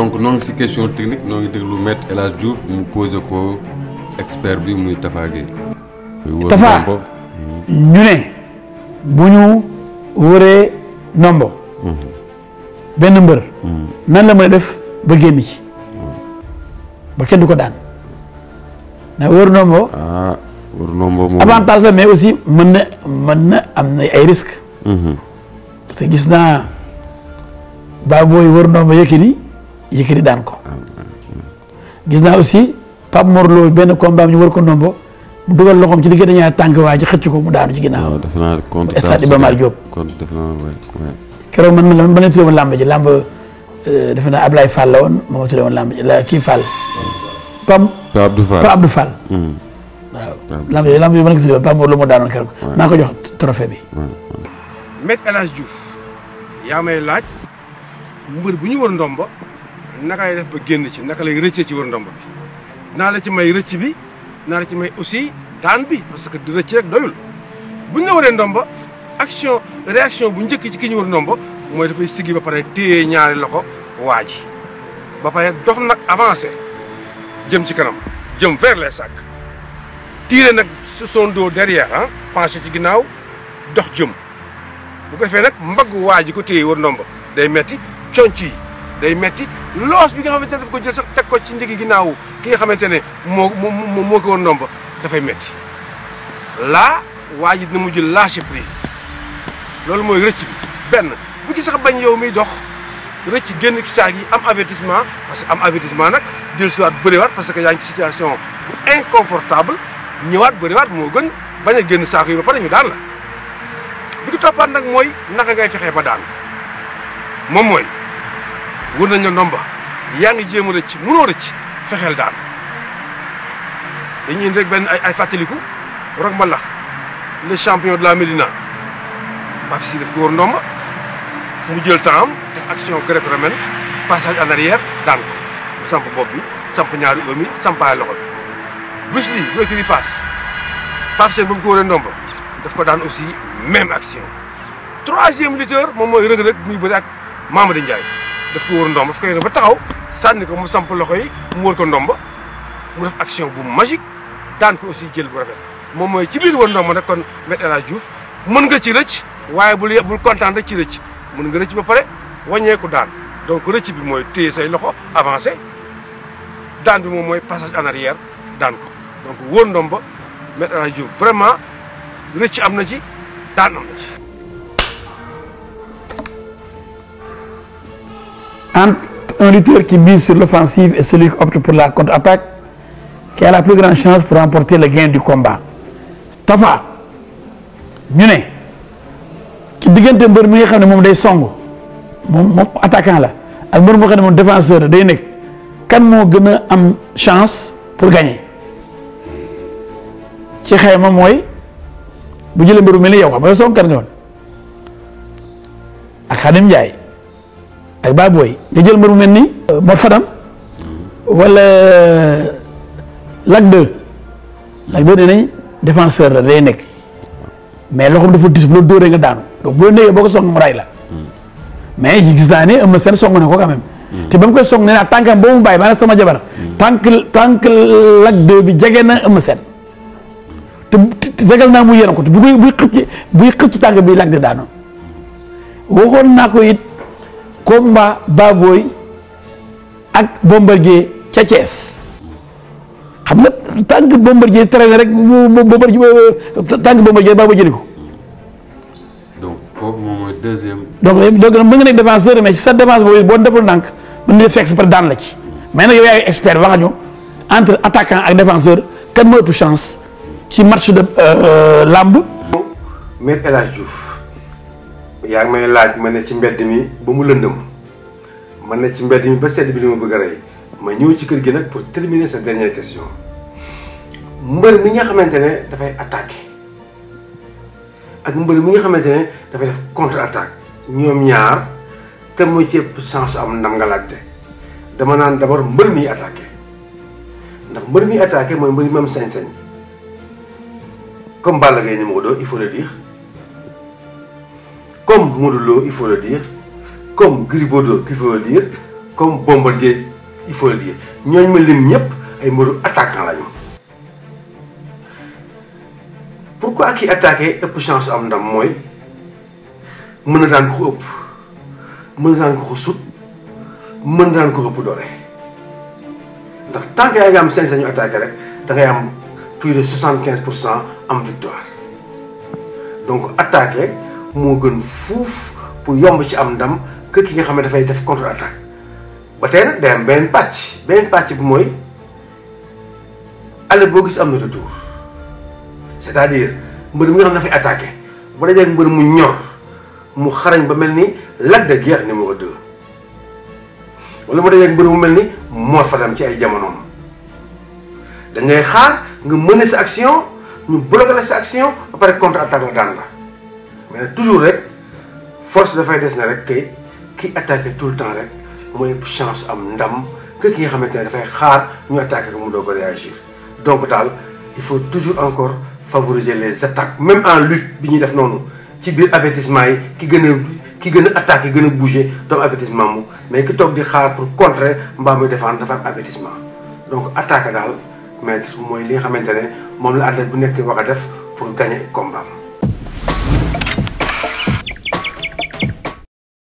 donc noo ngi si question technique noo ngi déglu maître El Hadj Diouf mu posé ko expert bi muy Tafa Gueye. Tafa ñu ne bu ñu wëree nombo. benn mbër. nan la mën a def ba génn ci. ba kenn du ko daan. na wër nombo. ah wër la mais aussi mën na mën na am na ay risques. parce mhm. que gis naa baa booy wër nombo yëkkati. Yékini daan ko. gis naa aussi Pape Mor Lo benn combat ñu war ko nombo mu dugal loxoom ci diggante ñaari tànk waa ji xëcc ko mu daanu ci ginnaaw. waaw def naa compte stade Iba Mar Diop. compte def naa waay keroog man man ma leen tuddee woon làmb ji làmb euh, defe naa Ablaye Fall la woon ma ma tuddee woon làmb ji la kii Fall. Pam Pa Abdou Fall Pa Abdou Fall. Hmm. waaw làmb yooyu làmb yooyu ma ne ko tuddee woon Pape Mor Lo moo daanoon keroog. naa ko jox trophée bi. Me El Hadj Diouf yaa may laaj mbër bu ñu war ndomba. naka lay def ba génn ci naka lay rëcce ci wër ndomb bi naa la ci may rëcc bi naa la ci may aussi daan bi parce que di rëcc rek doyul buñ la waree ndomba action réaction bu njëkk ci ki ñu wër ndomba mooy dafay siggi ba pare téye ñaari loxo waa ji dox nag avancé jëm ci kanam jëm vers les sacs tiire nag son dos derrière ah penché ci ginnaaw dox jëm bu ko defee nag mbagg waa ji ko téye wër ndomba day metti conc yi day metti loos bi nga xamante ne daf ko jël sax teg ko ci njëgi ginnaaw ki nga xamante ne moo moo moo ko woon ndomba dafay metti laa waa ji dina mujj lâcher prise loolu mooy rëcc bi benn bu ci sax bañ yow miy dox rëcc génn ci saag yi am avertissement parce que am avertissement nag jël siwaat bëriwaat parce que yaa ngi ci bu inconfortable ñëwaat bëriwaat moo gën bañ a génn saako yi ba pare ñu daal la bi ko toppaat nag mooy naka ngay fexee ba daal moom mooy wër nañ la ndomba yaa ngi jéem a rëcc mënoo rëcc fexeel daan dañuy indi rek benn ay ay fàttaliku Rock Mbalax le champion de la Médina Pape Sy ko wër ndomba mu jël temps am def action gréco-romaine passage en arrière daan ko mu samp bopp bi samp ñaari oom yi sampaay loxo bi bés bi bu écrit face Pape Sène ba mu ko wëree ndomba daf ko daan aussi même action troisième lutteur moom mooy Reug Reug muy bëri ak Mamadou Ndiaye daf ko wër ndomba daf koy ba taxaw sànni ko mu samp loxo yi mu wër ko ndomba mu def action bu magique daan ko aussi jël bu rafet moom mooy ci biir wër ndomba nag kon Maître El Hadji mën nga ci rëcc waaye bul bul kontaan rek ci rëcc mën nga rëcc ba pare wàññeeku daan donc rëcc bi mooy téye say loxo avancé daan bi moom mooy passage en arrière daan ko donc wër ndomba Maître El vraiment rëcc am na ci daan am na ci. entre un lutteur qui mise sur l'offensive et celui qui opte pour la contre-attaque qui a la plus grande chance pour remporter le gain du combat Tafa ñu ne ci diggante mbër mi nga xam ne moom day song moom moom attaquant la ak mbër moo xam ne moom défenseur day nekk kan moo gën a am chance pour gagner ci xayma mooy bu jëlee mbër bu mel ni yow xam nga yow song nga woon ak Xadim Njaay ay baay booy nga jël mbër mu mel ni. Euh, Mor Fadam wala euh, Lac 2 Lac 2 nee nañ defenseur la day nekk mais loxoom dafa dis bu la dóoree nga daanu donc bu la néegee boo ko song gis naa ne am na seen song na te ba koy song nee naa tànkam boobu mu bàyyi maanaam sama jabar. tànk tànk bi jege na am na seen te tegal naa mu yéene ko te bu koy buy xëcc buy bi Lac daanu waxoon naa ko combat Baboy ak Bombardier ca Thiès xam nga tànk Bombardier traîné rek Bombardier euh, tànk Bombardier Baboy jëli ko. donc kooku donc donc mën nga nekk défenseur mais ci sa défense boobu boo deful ndànk mën nañu fekk par daan la ci mais nag yow yaay expert wax ñu entre attaquant ak défenseur kan moo chance ci march de euh, làmb. yaa ngi may laaj ma ne ci mbedd mi ba mu lëndëm ma ne ci mbedd mi ba sedd bi di ma bëgg rey ma ñëw ci kër gi nag pour terminer sa dernière question mbër mi nga xamante ne dafay attaque ak mbër mi nga xamante ne dafay def contre attaque ñoom ñaar kan mooy ci ëpp chance am ndam nga laajte dama naan d'abord mbër mi attaqué ndax mbër mi attaqué mooy mbër mi am sañ-sañ comme Balla Gaye ni ma ko doon il faut le dire. comme Modou Lo il faut le dire comme Gris Bordeaux faut le dire comme Bombardier il faut le dire ñooñu ma lim ñëpp ay mbëru attaquant lañu. pourquoi kii attaqué ëpp chance am ndam mooy mën na daan ko ëpp mën na daan ko ko sut mën na daan ko ëpp doole ndax tant yaa ngi am cinq ñu attaqué rek da am pour cent am victoire donc attaqué. moo gën fuuf pour yomb ci am ndam que ki nga xam ne dafay def contre attaque ba tey nag beneen pàcc beneen pàcc bi mooy aller boo gis am na retour c'est-à-dire mbër mi nga xam ne dafay attaqué bu dajee ak mu ñor mu xarañ ba mel ni Lac de Guiers numéro 2 wala mu dajee ak mbër mu mel ni Mor Fadam ci ay jamonoom da ngay xaar nga mener sa action ñu bloqué la sa action ba pare contre attaque la daan la. mais toujours rek force dafay des na rek que ki attaqué tout le temps rek mooy chance am ndam que ki nga xamante ne dafay xaar ñu attaqué ko mu doog a réagir donc daal il faut toujours encore favoriser les attaques même en lutte bi ñuy def noonu ci biir avertissement yi ki gën a ki gën a attaqué gën a bougé doomu avertissement mu mais ki toog di xaar pour contrer mbaa muy défendre dafa am avertissement donc attaque daal maître mooy li nga xamante ne moom la athlète bu nekk wax a def pour gagner combat